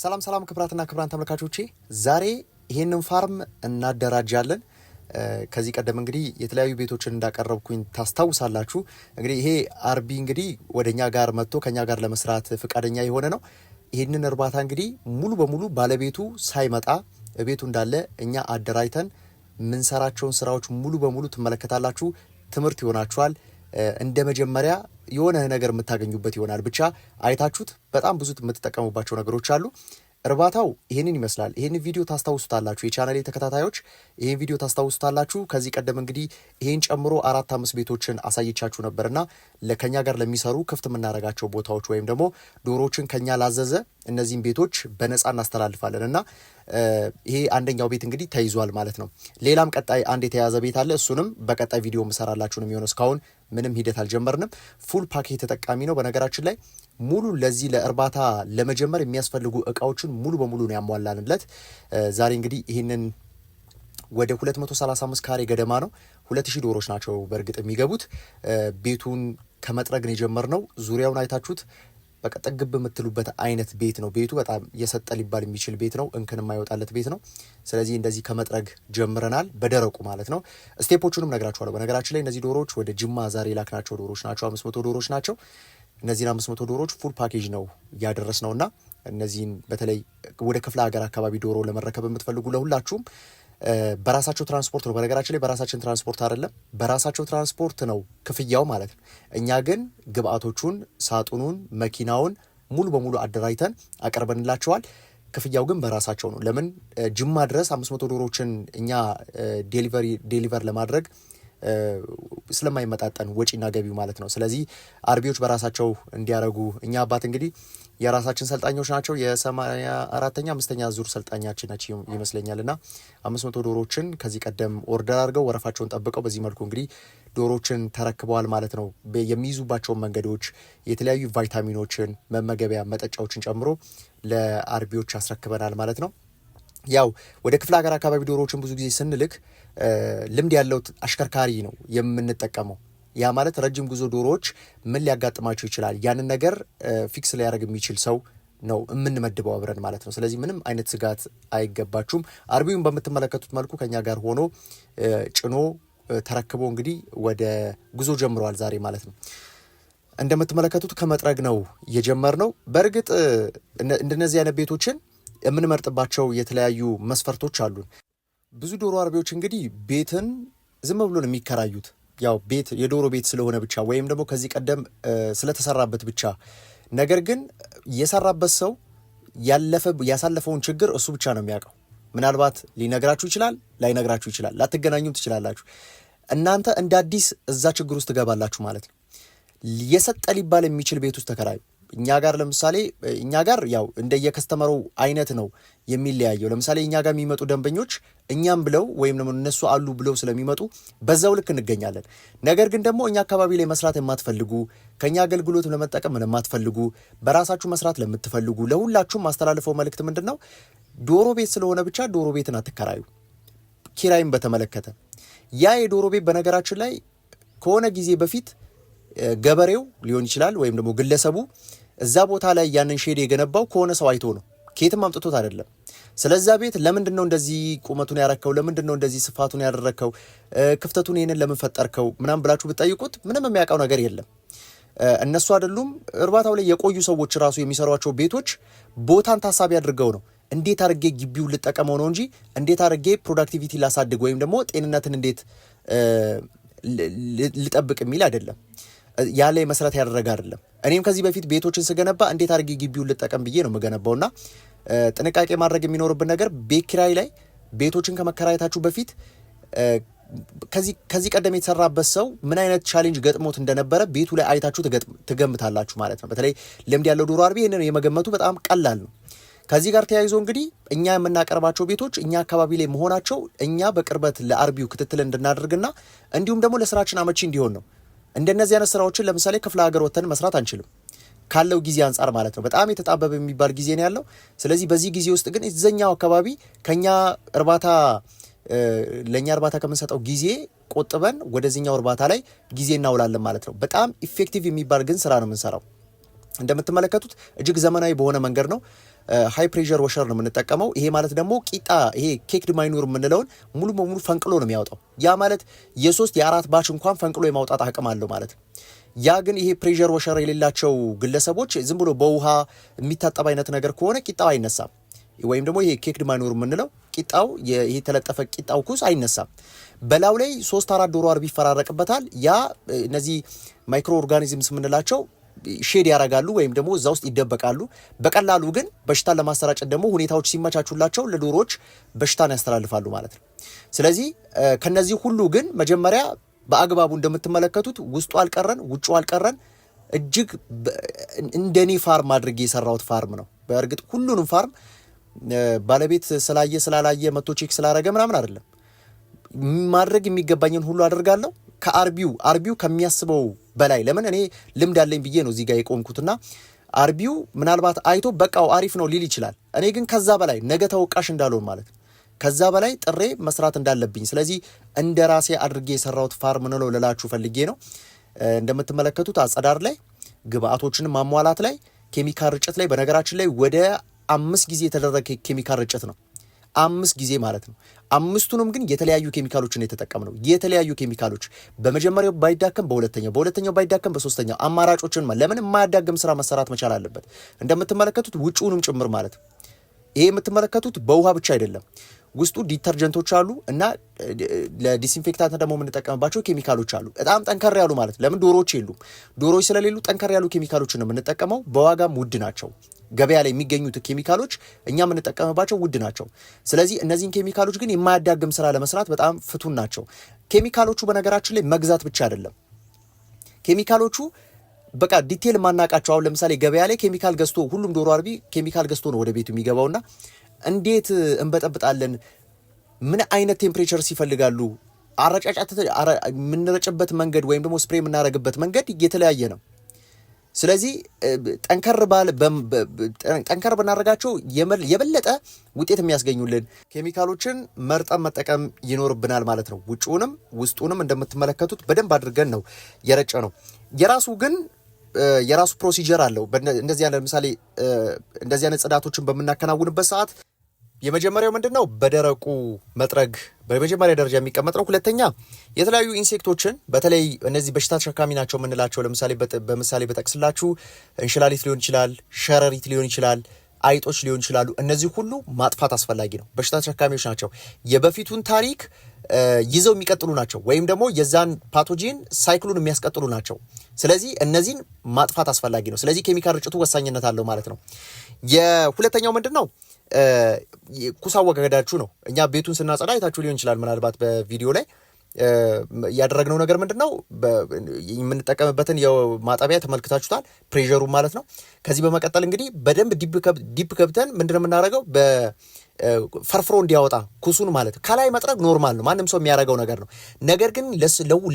ሰላም ሰላም፣ ክብራትና ክብራን ተመልካቾቼ ዛሬ ይሄንን ፋርም እናደራጃለን። ከዚህ ቀደም እንግዲህ የተለያዩ ቤቶችን እንዳቀረብኩኝ ታስታውሳላችሁ። እንግዲህ ይሄ አርቢ እንግዲህ ወደኛ ጋር መጥቶ ከኛ ጋር ለመስራት ፈቃደኛ የሆነ ነው። ይህንን እርባታ እንግዲህ ሙሉ በሙሉ ባለቤቱ ሳይመጣ ቤቱ እንዳለ እኛ አደራጅተን የምንሰራቸውን ስራዎች ሙሉ በሙሉ ትመለከታላችሁ። ትምህርት ይሆናችኋል። እንደ መጀመሪያ የሆነ ነገር የምታገኙበት ይሆናል። ብቻ አይታችሁት በጣም ብዙ የምትጠቀሙባቸው ነገሮች አሉ። እርባታው ይሄንን ይመስላል። ይሄንን ቪዲዮ ታስታውሱታላችሁ፣ የቻናሌ ተከታታዮች ይሄን ቪዲዮ ታስታውሱታላችሁ። ከዚህ ቀደም እንግዲህ ይሄን ጨምሮ አራት አምስት ቤቶችን አሳይቻችሁ ነበርና ከኛ ጋር ለሚሰሩ ክፍት የምናደርጋቸው ቦታዎች ወይም ደግሞ ዶሮዎችን ከኛ ላዘዘ እነዚህን ቤቶች በነጻ እናስተላልፋለን እና ይሄ አንደኛው ቤት እንግዲህ ተይዟል ማለት ነው። ሌላም ቀጣይ አንድ የተያዘ ቤት አለ። እሱንም በቀጣይ ቪዲዮ የምሰራላችሁ ነው የሚሆነው። እስካሁን ምንም ሂደት አልጀመርንም። ፉል ፓኬጅ ተጠቃሚ ነው በነገራችን ላይ ሙሉ ለዚህ ለእርባታ ለመጀመር የሚያስፈልጉ እቃዎችን ሙሉ በሙሉ ነው ያሟላንለት። ዛሬ እንግዲህ ይህንን ወደ 235 ካሬ ገደማ ነው። 2000 ዶሮች ናቸው በእርግጥ የሚገቡት። ቤቱን ከመጥረግ ነው የጀመርነው። ዙሪያውን አይታችሁት በቃ ጠግብ የምትሉበት አይነት ቤት ነው። ቤቱ በጣም የሰጠ ሊባል የሚችል ቤት ነው። እንክን የማይወጣለት ቤት ነው። ስለዚህ እንደዚህ ከመጥረግ ጀምረናል፣ በደረቁ ማለት ነው። ስቴፖቹንም ነግራችኋለሁ። በነገራችን ላይ እነዚህ ዶሮዎች ወደ ጅማ ዛሬ ላክናቸው ዶሮዎች ናቸው። አምስት መቶ ዶሮዎች ናቸው። እነዚህን አምስት መቶ ዶሮዎች ፉል ፓኬጅ ነው እያደረስ እና እነዚህን በተለይ ወደ ክፍለ ሀገር አካባቢ ዶሮ ለመረከብ የምትፈልጉ ለሁላችሁም በራሳቸው ትራንስፖርት ነው። በነገራችን ላይ በራሳችን ትራንስፖርት አይደለም፣ በራሳቸው ትራንስፖርት ነው ክፍያው ማለት ነው። እኛ ግን ግብአቶቹን፣ ሳጥኑን፣ መኪናውን ሙሉ በሙሉ አደራጅተን አቀርበንላቸዋል። ክፍያው ግን በራሳቸው ነው። ለምን ጅማ ድረስ አምስት መቶ ዶሮዎችን እኛ ዴሊቨር ለማድረግ ስለማይመጣጠን ወጪና ገቢ ማለት ነው። ስለዚህ አርቢዎች በራሳቸው እንዲያደርጉ እኛ አባት እንግዲህ የራሳችን ሰልጣኞች ናቸው። የሰማንያ አራተኛ አምስተኛ ዙር ሰልጣኛችን ነች ይመስለኛል እና አምስት መቶ ዶሮዎችን ከዚህ ቀደም ኦርደር አድርገው ወረፋቸውን ጠብቀው በዚህ መልኩ እንግዲህ ዶሮዎችን ተረክበዋል ማለት ነው። የሚይዙባቸውን መንገዶች፣ የተለያዩ ቫይታሚኖችን፣ መመገቢያ መጠጫዎችን ጨምሮ ለአርቢዎች አስረክበናል ማለት ነው። ያው ወደ ክፍለ ሀገር አካባቢ ዶሮዎችን ብዙ ጊዜ ስንልክ ልምድ ያለው አሽከርካሪ ነው የምንጠቀመው። ያ ማለት ረጅም ጉዞ ዶሮዎች ምን ሊያጋጥማቸው ይችላል፣ ያንን ነገር ፊክስ ሊያደርግ የሚችል ሰው ነው የምንመድበው አብረን ማለት ነው። ስለዚህ ምንም አይነት ስጋት አይገባችሁም። አርቢውን በምትመለከቱት መልኩ ከኛ ጋር ሆኖ ጭኖ ተረክቦ እንግዲህ ወደ ጉዞ ጀምረዋል ዛሬ ማለት ነው። እንደምትመለከቱት ከመጥረግ ነው የጀመርነው። በእርግጥ እንደነዚህ አይነት ቤቶችን የምንመርጥባቸው የተለያዩ መስፈርቶች አሉን። ብዙ ዶሮ አርቢዎች እንግዲህ ቤትን ዝም ብሎ ነው የሚከራዩት። ያው ቤት የዶሮ ቤት ስለሆነ ብቻ ወይም ደግሞ ከዚህ ቀደም ስለተሰራበት ብቻ። ነገር ግን የሰራበት ሰው ያለፈ ያሳለፈውን ችግር እሱ ብቻ ነው የሚያውቀው። ምናልባት ሊነግራችሁ ይችላል፣ ላይነግራችሁ ይችላል፣ ላትገናኙም ትችላላችሁ። እናንተ እንደ አዲስ እዛ ችግር ውስጥ ትገባላችሁ ማለት ነው። የሰጠ ሊባል የሚችል ቤት ውስጥ ተከራዩ እኛ ጋር ለምሳሌ እኛ ጋር ያው እንደየከስተመሩ አይነት ነው የሚለያየው። ለምሳሌ እኛ ጋር የሚመጡ ደንበኞች እኛም ብለው ወይም ደግሞ እነሱ አሉ ብለው ስለሚመጡ በዛው ልክ እንገኛለን። ነገር ግን ደግሞ እኛ አካባቢ ላይ መስራት የማትፈልጉ ከእኛ አገልግሎት ለመጠቀም ለማትፈልጉ በራሳችሁ መስራት ለምትፈልጉ ለሁላችሁም ማስተላለፈው መልእክት ምንድን ነው? ዶሮ ቤት ስለሆነ ብቻ ዶሮ ቤትን አትከራዩ። ኪራይም በተመለከተ ያ የዶሮ ቤት በነገራችን ላይ ከሆነ ጊዜ በፊት ገበሬው ሊሆን ይችላል ወይም ደግሞ ግለሰቡ እዛ ቦታ ላይ ያንን ሼድ የገነባው ከሆነ ሰው አይቶ ነው፣ ከየትም አምጥቶት አይደለም። ስለዛ ቤት ለምንድን ነው እንደዚህ ቁመቱን ያረከው? ለምንድን ነው እንደዚህ ስፋቱን ያደረከው? ክፍተቱን ይህንን ለምን ፈጠርከው? ብላችሁ ብትጠይቁት ምንም የሚያውቀው ነገር የለም። እነሱ አይደሉም እርባታው ላይ የቆዩ ሰዎች ራሱ የሚሰሯቸው ቤቶች ቦታን ታሳቢ አድርገው ነው። እንዴት አድርጌ ግቢውን ልጠቀመው ነው እንጂ እንዴት አድርጌ ፕሮዳክቲቪቲ ላሳድግ ወይም ደግሞ ጤንነትን እንዴት ልጠብቅ የሚል አይደለም። ያለ መሰረት ያደረገ አይደለም። እኔም ከዚህ በፊት ቤቶችን ስገነባ እንዴት አድርጌ ግቢውን ልጠቀም ብዬ ነው የምገነባውና ጥንቃቄ ማድረግ የሚኖርብን ነገር ቤት ኪራይ ላይ ቤቶችን ከመከራየታችሁ በፊት ከዚህ ቀደም የተሰራበት ሰው ምን አይነት ቻሌንጅ ገጥሞት እንደነበረ ቤቱ ላይ አይታችሁ ትገምታላችሁ ማለት ነው። በተለይ ልምድ ያለው ዶሮ አርቢ ይህንን የመገመቱ በጣም ቀላል ነው። ከዚህ ጋር ተያይዞ እንግዲህ እኛ የምናቀርባቸው ቤቶች እኛ አካባቢ ላይ መሆናቸው እኛ በቅርበት ለአርቢው ክትትል እንድናደርግና እንዲሁም ደግሞ ለስራችን አመቺ እንዲሆን ነው። እንደነዚህ አይነት ስራዎችን ለምሳሌ ክፍለ ሀገር ወተን መስራት አንችልም ካለው ጊዜ አንጻር ማለት ነው። በጣም የተጣበበ የሚባል ጊዜ ነው ያለው። ስለዚህ በዚህ ጊዜ ውስጥ ግን እዘኛው አካባቢ ከኛ እርባታ ለእኛ እርባታ ከምንሰጠው ጊዜ ቆጥበን ወደዚኛው እርባታ ላይ ጊዜ እናውላለን ማለት ነው። በጣም ኢፌክቲቭ የሚባል ግን ስራ ነው የምንሰራው። እንደምትመለከቱት እጅግ ዘመናዊ በሆነ መንገድ ነው ሃይ ፕሬሸር ወሸር ነው የምንጠቀመው። ይሄ ማለት ደግሞ ቂጣ ይሄ ኬክድ ማይኑር የምንለውን ሙሉ በሙሉ ፈንቅሎ ነው የሚያወጣው። ያ ማለት የሶስት የአራት ባች እንኳን ፈንቅሎ የማውጣት አቅም አለው ማለት ነው። ያ ግን ይሄ ፕሬር ወሸር የሌላቸው ግለሰቦች ዝም ብሎ በውሃ የሚታጠብ አይነት ነገር ከሆነ ቂጣው አይነሳም። ወይም ደግሞ ይሄ ኬክድ ማይኖር የምንለው ቂጣው የተለጠፈ ቂጣው ኩስ አይነሳም። በላው ላይ ሶስት አራት ዶሮ አርብ ይፈራረቅበታል። ያ እነዚህ ማይክሮ ኦርጋኒዝምስ የምንላቸው ሼድ ያደርጋሉ ወይም ደግሞ እዛ ውስጥ ይደበቃሉ። በቀላሉ ግን በሽታን ለማሰራጨት ደግሞ ሁኔታዎች ሲመቻቹላቸው ለዶሮዎች በሽታን ያስተላልፋሉ ማለት ነው። ስለዚህ ከነዚህ ሁሉ ግን መጀመሪያ በአግባቡ እንደምትመለከቱት ውስጡ አልቀረን ውጩ አልቀረን እጅግ እንደኔ ፋርም አድርጌ የሰራሁት ፋርም ነው። በእርግጥ ሁሉንም ፋርም ባለቤት ስላየ ስላላየ መቶ ቼክ ስላረገ ምናምን አይደለም ማድረግ የሚገባኝን ሁሉ አደርጋለሁ። ከአርቢው አርቢው ከሚያስበው በላይ ለምን እኔ ልምድ አለኝ ብዬ ነው እዚህ ጋር የቆምኩትና አርቢው ምናልባት አይቶ በቃው አሪፍ ነው ሊል ይችላል። እኔ ግን ከዛ በላይ ነገ ተወቃሽ እንዳልሆን ማለት ነው ከዛ በላይ ጥሬ መስራት እንዳለብኝ። ስለዚህ እንደ ራሴ አድርጌ የሰራሁት ፋርም ነው ልላችሁ ፈልጌ ነው። እንደምትመለከቱት አጸዳር ላይ፣ ግብአቶችን ማሟላት ላይ፣ ኬሚካል ርጭት ላይ በነገራችን ላይ ወደ አምስት ጊዜ የተደረገ ኬሚካል ርጭት ነው። አምስት ጊዜ ማለት ነው። አምስቱንም ግን የተለያዩ ኬሚካሎችን ነው። የተለያዩ ኬሚካሎች በመጀመሪያው ባይዳከም በሁለተኛው በሁለተኛው ባይዳከም በሶስተኛው አማራጮችን ለምን የማያዳግም ስራ መሰራት መቻል አለበት። እንደምትመለከቱት ውጭውንም ጭምር ማለት ነው። ይሄ የምትመለከቱት በውሃ ብቻ አይደለም። ውስጡ ዲተርጀንቶች አሉ እና ለዲስኢንፌክታንት ደግሞ የምንጠቀምባቸው ኬሚካሎች አሉ። በጣም ጠንከር ያሉ ማለት ለምን ዶሮዎች የሉም። ዶሮዎች ስለሌሉ ጠንከር ያሉ ኬሚካሎችን ነው የምንጠቀመው። በዋጋም ውድ ናቸው። ገበያ ላይ የሚገኙት ኬሚካሎች እኛ የምንጠቀምባቸው ውድ ናቸው። ስለዚህ እነዚህን ኬሚካሎች ግን የማያዳግም ስራ ለመስራት በጣም ፍቱን ናቸው። ኬሚካሎቹ በነገራችን ላይ መግዛት ብቻ አይደለም። ኬሚካሎቹ በቃ ዲቴል የማናውቃቸው አሁን ለምሳሌ ገበያ ላይ ኬሚካል ገዝቶ ሁሉም ዶሮ አርቢ ኬሚካል ገዝቶ ነው ወደ ቤቱ የሚገባውና እንዴት እንበጠብጣለን? ምን አይነት ቴምፕሬቸርስ ይፈልጋሉ? አረጫጫት የምንረጭበት መንገድ ወይም ደግሞ ስፕሬ የምናደርግበት መንገድ የተለያየ ነው። ስለዚህ ጠንከር ባለ ጠንከር ብናደርጋቸው የበለጠ ውጤት የሚያስገኙልን ኬሚካሎችን መርጠን መጠቀም ይኖርብናል ማለት ነው። ውጭውንም ውስጡንም እንደምትመለከቱት በደንብ አድርገን ነው የረጨ ነው። የራሱ ግን የራሱ ፕሮሲጀር አለው። እንደዚህ ያለ ለምሳሌ እንደዚህ አይነት ጽዳቶችን በምናከናውንበት ሰዓት የመጀመሪያው ምንድን ነው? በደረቁ መጥረግ በመጀመሪያ ደረጃ የሚቀመጥ ነው። ሁለተኛ የተለያዩ ኢንሴክቶችን በተለይ እነዚህ በሽታ ተሸካሚ ናቸው የምንላቸው ለምሳሌ በምሳሌ በጠቅስላችሁ እንሽላሊት ሊሆን ይችላል፣ ሸረሪት ሊሆን ይችላል፣ አይጦች ሊሆን ይችላሉ። እነዚህ ሁሉ ማጥፋት አስፈላጊ ነው። በሽታ ተሸካሚዎች ናቸው። የበፊቱን ታሪክ ይዘው የሚቀጥሉ ናቸው፣ ወይም ደግሞ የዛን ፓቶጂን ሳይክሉን የሚያስቀጥሉ ናቸው። ስለዚህ እነዚህን ማጥፋት አስፈላጊ ነው። ስለዚህ ኬሚካል ርጭቱ ወሳኝነት አለው ማለት ነው። የሁለተኛው ምንድን ነው? ኩስ አወጋገዳችሁ ነው። እኛ ቤቱን ስናጸዳ አይታችሁ ሊሆን ይችላል ምናልባት በቪዲዮ ላይ ያደረግነው ነገር ምንድን ነው? የምንጠቀምበትን የማጠቢያ ተመልክታችሁታል፣ ፕሬሩ ማለት ነው። ከዚህ በመቀጠል እንግዲህ በደንብ ዲፕ ከብተን ምንድን ነው የምናደርገው ፈርፍሮ እንዲያወጣ ኩሱን ማለት ነው። ከላይ መጥረግ ኖርማል ነው፣ ማንም ሰው የሚያደርገው ነገር ነው። ነገር ግን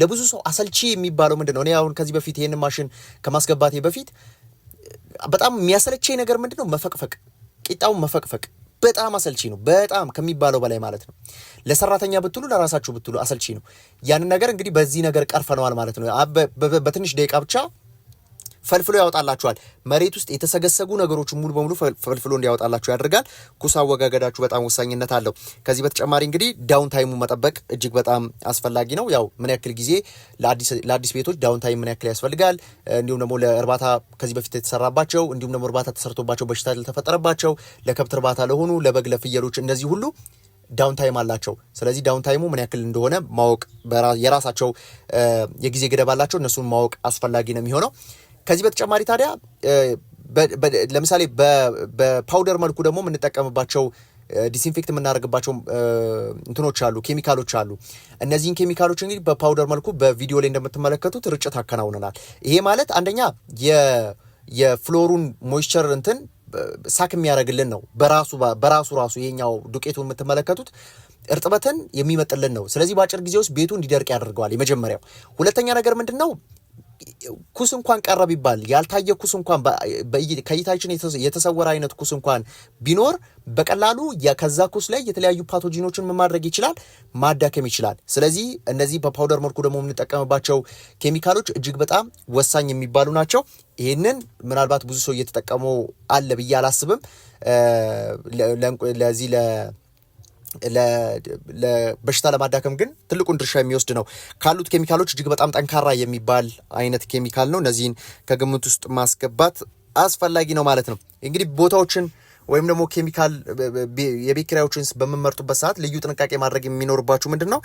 ለብዙ ሰው አሰልቺ የሚባለው ምንድን ነው? እኔ አሁን ከዚህ በፊት ይህን ማሽን ከማስገባቴ በፊት በጣም የሚያሰለቸኝ ነገር ምንድን ነው? መፈቅፈቅ፣ ቂጣውን መፈቅፈቅ በጣም አሰልቺ ነው። በጣም ከሚባለው በላይ ማለት ነው። ለሰራተኛ ብትሉ ለራሳችሁ ብትሉ አሰልቺ ነው። ያንን ነገር እንግዲህ በዚህ ነገር ቀርፈነዋል ማለት ነው። በትንሽ ደቂቃ ብቻ ፈልፍሎ ያወጣላችኋል። መሬት ውስጥ የተሰገሰጉ ነገሮችን ሙሉ በሙሉ ፈልፍሎ እንዲያወጣላችሁ ያደርጋል። ኩሳ አወጋገዳችሁ በጣም ወሳኝነት አለው። ከዚህ በተጨማሪ እንግዲህ ዳውን ታይሙ መጠበቅ እጅግ በጣም አስፈላጊ ነው። ያው ምን ያክል ጊዜ ለአዲስ ቤቶች ዳውን ታይም ምን ያክል ያስፈልጋል፣ እንዲሁም ደግሞ ለእርባታ ከዚህ በፊት የተሰራባቸው እንዲሁም ደግሞ እርባታ ተሰርቶባቸው በሽታ ለተፈጠረባቸው ለከብት እርባታ ለሆኑ ለበግ፣ ለፍየሎች እነዚህ ሁሉ ዳውን ታይም አላቸው። ስለዚህ ዳውን ታይሙ ምን ያክል እንደሆነ ማወቅ የራሳቸው የጊዜ ገደብ አላቸው። እነሱን ማወቅ አስፈላጊ ነው የሚሆነው። ከዚህ በተጨማሪ ታዲያ ለምሳሌ በፓውደር መልኩ ደግሞ የምንጠቀምባቸው ዲስኢንፌክት የምናደርግባቸው እንትኖች አሉ፣ ኬሚካሎች አሉ። እነዚህን ኬሚካሎች እንግዲህ በፓውደር መልኩ በቪዲዮ ላይ እንደምትመለከቱት ርጭት አከናውነናል። ይሄ ማለት አንደኛ የፍሎሩን ሞይስቸር እንትን ሳክ የሚያደርግልን ነው። በራሱ በራሱ ራሱ ይሄኛው ዱቄቱን የምትመለከቱት እርጥበትን የሚመጥልን ነው። ስለዚህ በአጭር ጊዜ ውስጥ ቤቱ እንዲደርቅ ያደርገዋል። የመጀመሪያው። ሁለተኛ ነገር ምንድን ነው ኩስ እንኳን ቀረ ቢባል ያልታየ ኩስ እንኳን ከእይታችን የተሰወረ አይነት ኩስ እንኳን ቢኖር በቀላሉ ከዛ ኩስ ላይ የተለያዩ ፓቶጂኖችን ማድረግ ይችላል፣ ማዳከም ይችላል። ስለዚህ እነዚህ በፓውደር መልኩ ደግሞ የምንጠቀምባቸው ኬሚካሎች እጅግ በጣም ወሳኝ የሚባሉ ናቸው። ይህንን ምናልባት ብዙ ሰው እየተጠቀመው አለ ብዬ አላስብም። ለዚህ በሽታ ለማዳከም ግን ትልቁን ድርሻ የሚወስድ ነው። ካሉት ኬሚካሎች እጅግ በጣም ጠንካራ የሚባል አይነት ኬሚካል ነው። እነዚህን ከግምት ውስጥ ማስገባት አስፈላጊ ነው ማለት ነው። እንግዲህ ቦታዎችን ወይም ደግሞ ኬሚካል የቤት ኪራዮችን በምመርጡበት ሰዓት ልዩ ጥንቃቄ ማድረግ የሚኖርባችሁ ምንድን ነው?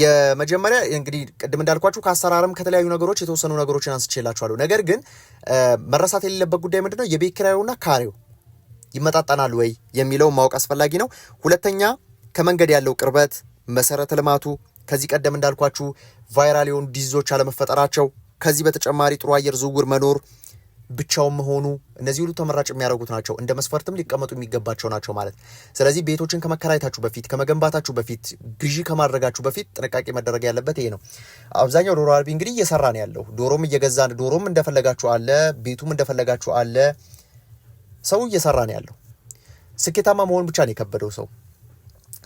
የመጀመሪያ እንግዲህ ቅድም እንዳልኳችሁ ከአሰራርም ከተለያዩ ነገሮች የተወሰኑ ነገሮችን አንስቼላችኋለሁ። ነገር ግን መረሳት የሌለበት ጉዳይ ምንድነው ነው? የቤት ኪራዩና ካሬው ይመጣጠናል ወይ የሚለው ማወቅ አስፈላጊ ነው። ሁለተኛ ከመንገድ ያለው ቅርበት፣ መሰረተ ልማቱ ከዚህ ቀደም እንዳልኳችሁ ቫይራል የሆኑ ዲዚዞች አለመፈጠራቸው፣ ከዚህ በተጨማሪ ጥሩ አየር ዝውውር መኖር፣ ብቻውን መሆኑ እነዚህ ሁሉ ተመራጭ የሚያደርጉት ናቸው። እንደ መስፈርትም ሊቀመጡ የሚገባቸው ናቸው ማለት። ስለዚህ ቤቶችን ከመከራየታችሁ በፊት ከመገንባታችሁ በፊት ግዢ ከማድረጋችሁ በፊት ጥንቃቄ መደረግ ያለበት ይሄ ነው። አብዛኛው ዶሮ አርቢ እንግዲህ እየሰራ ነው ያለው። ዶሮም እየገዛ ዶሮም እንደፈለጋችሁ አለ፣ ቤቱም እንደፈለጋችሁ አለ። ሰው እየሰራ ነው ያለው። ስኬታማ መሆን ብቻ ነው የከበደው ሰው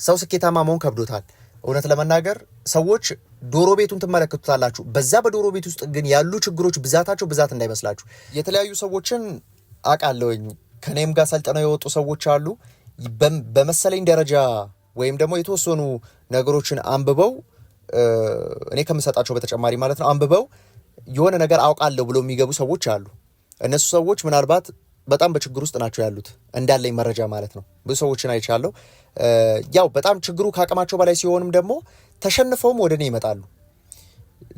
ሰው ስኬታማ መሆን ከብዶታል። እውነት ለመናገር ሰዎች ዶሮ ቤቱን ትመለከቱታላችሁ። በዛ በዶሮ ቤት ውስጥ ግን ያሉ ችግሮች ብዛታቸው ብዛት እንዳይመስላችሁ። የተለያዩ ሰዎችን አውቃለሁኝ። ከኔም ጋር ሰልጥነው የወጡ ሰዎች አሉ። በመሰለኝ ደረጃ ወይም ደግሞ የተወሰኑ ነገሮችን አንብበው እኔ ከምሰጣቸው በተጨማሪ ማለት ነው አንብበው የሆነ ነገር አውቃለሁ ብለው የሚገቡ ሰዎች አሉ። እነሱ ሰዎች ምናልባት በጣም በችግር ውስጥ ናቸው ያሉት እንዳለኝ መረጃ ማለት ነው። ብዙ ሰዎችን አይቻለሁ። ያው በጣም ችግሩ ከአቅማቸው በላይ ሲሆንም ደግሞ ተሸንፈውም ወደ እኔ ይመጣሉ።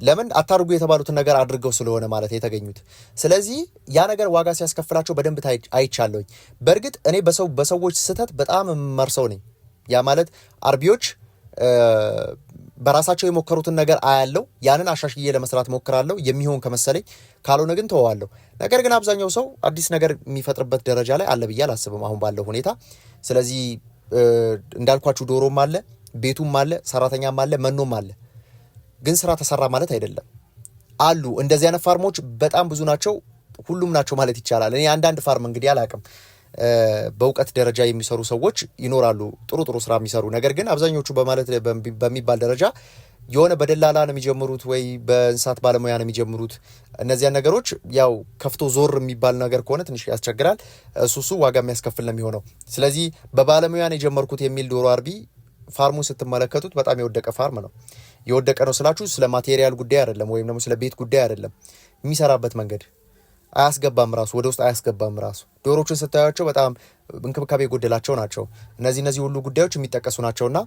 ለምን አታርጉ የተባሉትን ነገር አድርገው ስለሆነ ማለት የተገኙት። ስለዚህ ያ ነገር ዋጋ ሲያስከፍላቸው በደንብ አይቻለሁኝ። በእርግጥ እኔ በሰው በሰዎች ስህተት በጣም መርሰው ነኝ። ያ ማለት አርቢዎች በራሳቸው የሞከሩትን ነገር አያለው፣ ያንን አሻሽዬ ለመስራት ሞክራለሁ የሚሆን ከመሰለኝ፣ ካልሆነ ግን ተወዋለሁ። ነገር ግን አብዛኛው ሰው አዲስ ነገር የሚፈጥርበት ደረጃ ላይ አለ ብዬ አላስብም አሁን ባለው ሁኔታ። ስለዚህ እንዳልኳችሁ ዶሮም አለ፣ ቤቱም አለ፣ ሰራተኛም አለ፣ መኖም አለ። ግን ስራ ተሰራ ማለት አይደለም። አሉ እንደዚህ አይነት ፋርሞች በጣም ብዙ ናቸው። ሁሉም ናቸው ማለት ይቻላል። እኔ አንዳንድ ፋርም እንግዲህ አላቅም። በእውቀት ደረጃ የሚሰሩ ሰዎች ይኖራሉ፣ ጥሩ ጥሩ ስራ የሚሰሩ ነገር ግን አብዛኞቹ በሚባል ደረጃ የሆነ በደላላ ነው የሚጀምሩት ወይ በእንስሳት ባለሙያ ነው የሚጀምሩት። እነዚያን ነገሮች ያው ከፍቶ ዞር የሚባል ነገር ከሆነ ትንሽ ያስቸግራል። እሱ እሱ ዋጋ የሚያስከፍል ነው የሚሆነው። ስለዚህ በባለሙያ ነው የጀመርኩት የሚል ዶሮ አርቢ ፋርሙን ስትመለከቱት በጣም የወደቀ ፋርም ነው። የወደቀ ነው ስላችሁ ስለ ማቴሪያል ጉዳይ አይደለም፣ ወይም ደግሞ ስለ ቤት ጉዳይ አይደለም። የሚሰራበት መንገድ አያስገባም፣ ራሱ ወደ ውስጥ አያስገባም። ራሱ ዶሮቹን ስታያቸው በጣም እንክብካቤ የጎደላቸው ናቸው። እነዚህ እነዚህ ሁሉ ጉዳዮች የሚጠቀሱ ናቸውና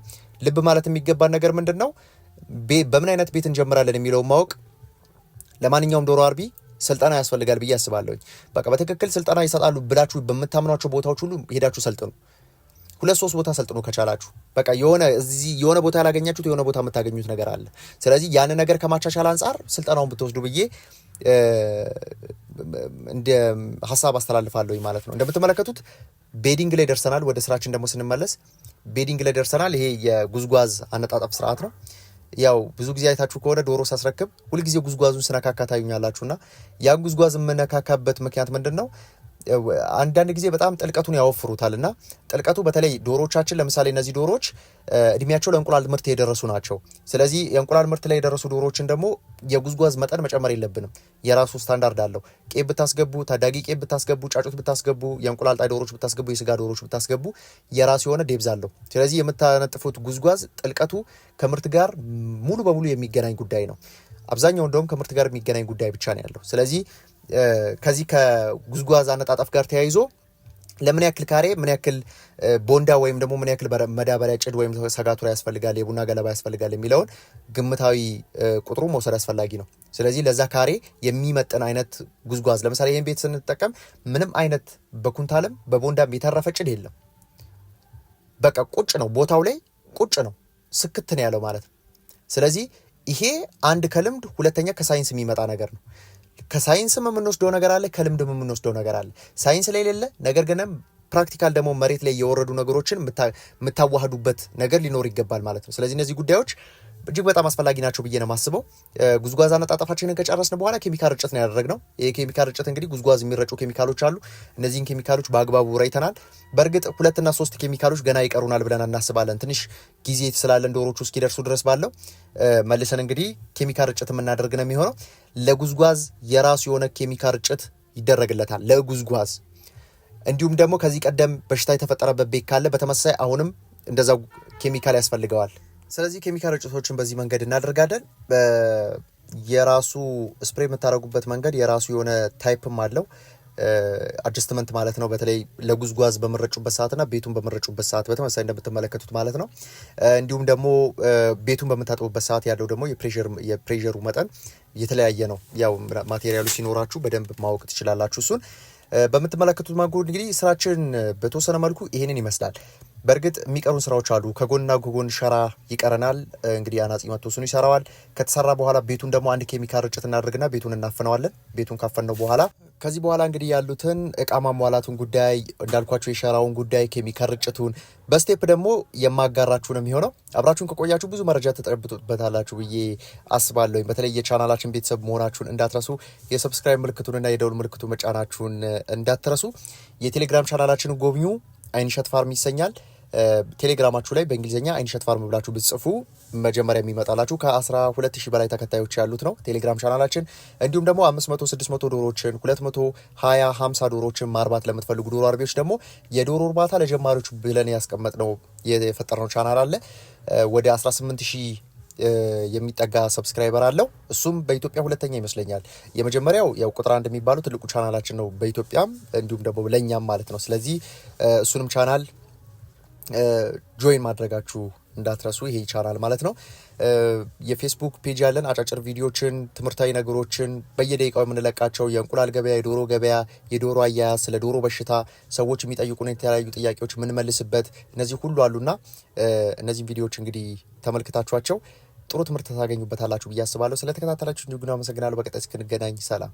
ልብ ማለት የሚገባን ነገር ምንድን ነው? በምን አይነት ቤት እንጀምራለን የሚለው ማወቅ ለማንኛውም ዶሮ አርቢ ስልጠና ያስፈልጋል ብዬ አስባለሁኝ። በቃ በትክክል ስልጠና ይሰጣሉ ብላችሁ በምታምኗቸው ቦታዎች ሁሉ ሄዳችሁ ሰልጥኑ። ሁለት ሶስት ቦታ ሰልጥኑ ከቻላችሁ። በቃ የሆነ እዚህ የሆነ ቦታ ያላገኛችሁት የሆነ ቦታ የምታገኙት ነገር አለ። ስለዚህ ያን ነገር ከማቻቻል አንጻር ስልጠናውን ብትወስዱ ብዬ እንደ ሀሳብ አስተላልፋለሁኝ ማለት ነው። እንደምትመለከቱት ቤዲንግ ላይ ደርሰናል። ወደ ስራችን ደግሞ ስንመለስ ቤዲንግ ላይ ደርሰናል። ይሄ የጉዝጓዝ አነጣጠፍ ስርዓት ነው። ያው ብዙ ጊዜ አይታችሁ ከሆነ ዶሮ ሳስረክብ ሁልጊዜ ጉዝጓዙን ስነካካ ታዩኛላችሁና ያ ጉዝጓዝ የምነካካበት ምክንያት ምንድን ነው? አንዳንድ ጊዜ በጣም ጥልቀቱን ያወፍሩታል እና ጥልቀቱ በተለይ ዶሮቻችን ለምሳሌ እነዚህ ዶሮች እድሜያቸው ለእንቁላል ምርት የደረሱ ናቸው። ስለዚህ የእንቁላል ምርት ላይ የደረሱ ዶሮችን ደግሞ የጉዝጓዝ መጠን መጨመር የለብንም። የራሱ ስታንዳርድ አለው። ቄብ ብታስገቡ፣ ታዳጊ ቄብ ብታስገቡ፣ ጫጩት ብታስገቡ፣ የእንቁላል ጣይ ዶሮች ብታስገቡ፣ የስጋ ዶሮች ብታስገቡ የራሱ የሆነ ዴብዝ አለው። ስለዚህ የምታነጥፉት ጉዝጓዝ ጥልቀቱ ከምርት ጋር ሙሉ በሙሉ የሚገናኝ ጉዳይ ነው። አብዛኛው እንደውም ከምርት ጋር የሚገናኝ ጉዳይ ብቻ ነው ያለው። ስለዚህ ከዚህ ከጉዝጓዝ አነጣጠፍ ጋር ተያይዞ ለምን ያክል ካሬ ምን ያክል ቦንዳ ወይም ደግሞ ምን ያክል መዳበሪያ ጭድ ወይም ሰጋቱራ ያስፈልጋል፣ የቡና ገለባ ያስፈልጋል የሚለውን ግምታዊ ቁጥሩ መውሰድ አስፈላጊ ነው። ስለዚህ ለዛ ካሬ የሚመጥን አይነት ጉዝጓዝ ለምሳሌ ይህን ቤት ስንጠቀም ምንም አይነት በኩንታልም በቦንዳም የተረፈ ጭድ የለም። በቃ ቁጭ ነው፣ ቦታው ላይ ቁጭ ነው፣ ስክት ነው ያለው ማለት ነው። ስለዚህ ይሄ አንድ ከልምድ ሁለተኛ ከሳይንስ የሚመጣ ነገር ነው። ከሳይንስም የምንወስደው ነገር አለ፣ ከልምድም የምንወስደው ነገር አለ። ሳይንስ ላይ የሌለ ነገር ግን ፕራክቲካል ደግሞ መሬት ላይ የወረዱ ነገሮችን የምታዋህዱበት ነገር ሊኖር ይገባል ማለት ነው። ስለዚህ እነዚህ ጉዳዮች እጅግ በጣም አስፈላጊ ናቸው ብዬ ነው የማስበው። ጉዝጓዝ አነጣጠፋችንን ከጨረስን በኋላ ኬሚካል ርጭት ነው ያደረግነው። ኬሚካል ርጭት እንግዲህ ጉዝጓዝ የሚረጩ ኬሚካሎች አሉ። እነዚህን ኬሚካሎች በአግባቡ ረይተናል። በእርግጥ ሁለትና ሶስት ኬሚካሎች ገና ይቀሩናል ብለን እናስባለን። ትንሽ ጊዜ ስላለን ዶሮቹ እስኪደርሱ ድረስ ባለው መልሰን እንግዲህ ኬሚካል ርጭት የምናደርግ ነው የሚሆነው። ለጉዝጓዝ የራሱ የሆነ ኬሚካል ርጭት ይደረግለታል ለጉዝጓዝ እንዲሁም ደግሞ ከዚህ ቀደም በሽታ የተፈጠረበት ቤት ካለ በተመሳሳይ አሁንም እንደዛው ኬሚካል ያስፈልገዋል። ስለዚህ ኬሚካል ርጭቶችን በዚህ መንገድ እናደርጋለን። የራሱ ስፕሬ የምታደርጉበት መንገድ የራሱ የሆነ ታይፕም አለው አጀስትመንት ማለት ነው። በተለይ ለጉዝጓዝ በመረጩበት ሰዓትና ቤቱን በመረጩበት ሰዓት በተመሳሳይ እንደምትመለከቱት ማለት ነው። እንዲሁም ደግሞ ቤቱን በምታጥቡበት ሰዓት ያለው ደግሞ የፕሬሩ መጠን የተለያየ ነው። ያው ማቴሪያሉ ሲኖራችሁ በደንብ ማወቅ ትችላላችሁ እሱን በምትመለከቱት ማንጎ እንግዲህ ስራችን በተወሰነ መልኩ ይሄንን ይመስላል። በእርግጥ የሚቀሩን ስራዎች አሉ። ከጎንና ከጎን ሸራ ይቀረናል። እንግዲህ አናጺ መጥቶ እሱን ይሰራዋል። ከተሰራ በኋላ ቤቱን ደግሞ አንድ ኬሚካል ርጭት እናደርግና ቤቱን እናፍነዋለን። ቤቱን ካፈነው በኋላ ከዚህ በኋላ እንግዲህ ያሉትን እቃ ማሟላቱን ጉዳይ እንዳልኳቸው የሸራውን ጉዳይ ኬሚካል ርጭቱን በስቴፕ ደግሞ የማጋራችሁ ነው የሚሆነው። አብራችሁን ከቆያችሁ ብዙ መረጃ ተጠብጡበታላችሁ ብዬ አስባለሁ። በተለይ የቻናላችን ቤተሰብ መሆናችሁን እንዳትረሱ፣ የሰብስክራይብ ምልክቱንና የደውል ምልክቱ መጫናችሁን እንዳትረሱ። የቴሌግራም ቻናላችን ጎብኙ፣ አይንሸት ፋርም ይሰኛል። ቴሌግራማችሁ ላይ በእንግሊዝኛ አይንሸት ፋርም ብላችሁ ብትጽፉ መጀመሪያ የሚመጣላችሁ ከ12000 በላይ ተከታዮች ያሉት ነው ቴሌግራም ቻናላችን። እንዲሁም ደግሞ 500፣ 600 ዶሮችን 220፣ 50 ዶሮችን ማርባት ለምትፈልጉ ዶሮ አርቢዎች ደግሞ የዶሮ እርባታ ለጀማሪዎች ብለን ያስቀመጥነው የፈጠርነው ቻናል አለ። ወደ 18000 የሚጠጋ ሰብስክራይበር አለው። እሱም በኢትዮጵያ ሁለተኛ ይመስለኛል። የመጀመሪያው ያው ቁጥር አንድ የሚባለው ትልቁ ቻናላችን ነው በኢትዮጵያም እንዲሁም ደግሞ ለእኛም ማለት ነው። ስለዚህ እሱንም ቻናል ጆይን ማድረጋችሁ እንዳትረሱ ይሄ ይቻላል ማለት ነው። የፌስቡክ ፔጅ ያለን አጫጭር ቪዲዮችን፣ ትምህርታዊ ነገሮችን በየደቂቃው የምንለቃቸው የእንቁላል ገበያ፣ የዶሮ ገበያ፣ የዶሮ አያያዝ፣ ስለ ዶሮ በሽታ ሰዎች የሚጠይቁን የተለያዩ ጥያቄዎች የምንመልስበት እነዚህ ሁሉ አሉና እነዚህም ቪዲዮዎች እንግዲህ ተመልክታችኋቸው ጥሩ ትምህርት ታገኙበታላችሁ ብዬ አስባለሁ። ስለተከታተላችሁ እጅጉን አመሰግናለሁ። በቀጣይ እስክንገናኝ ሰላም።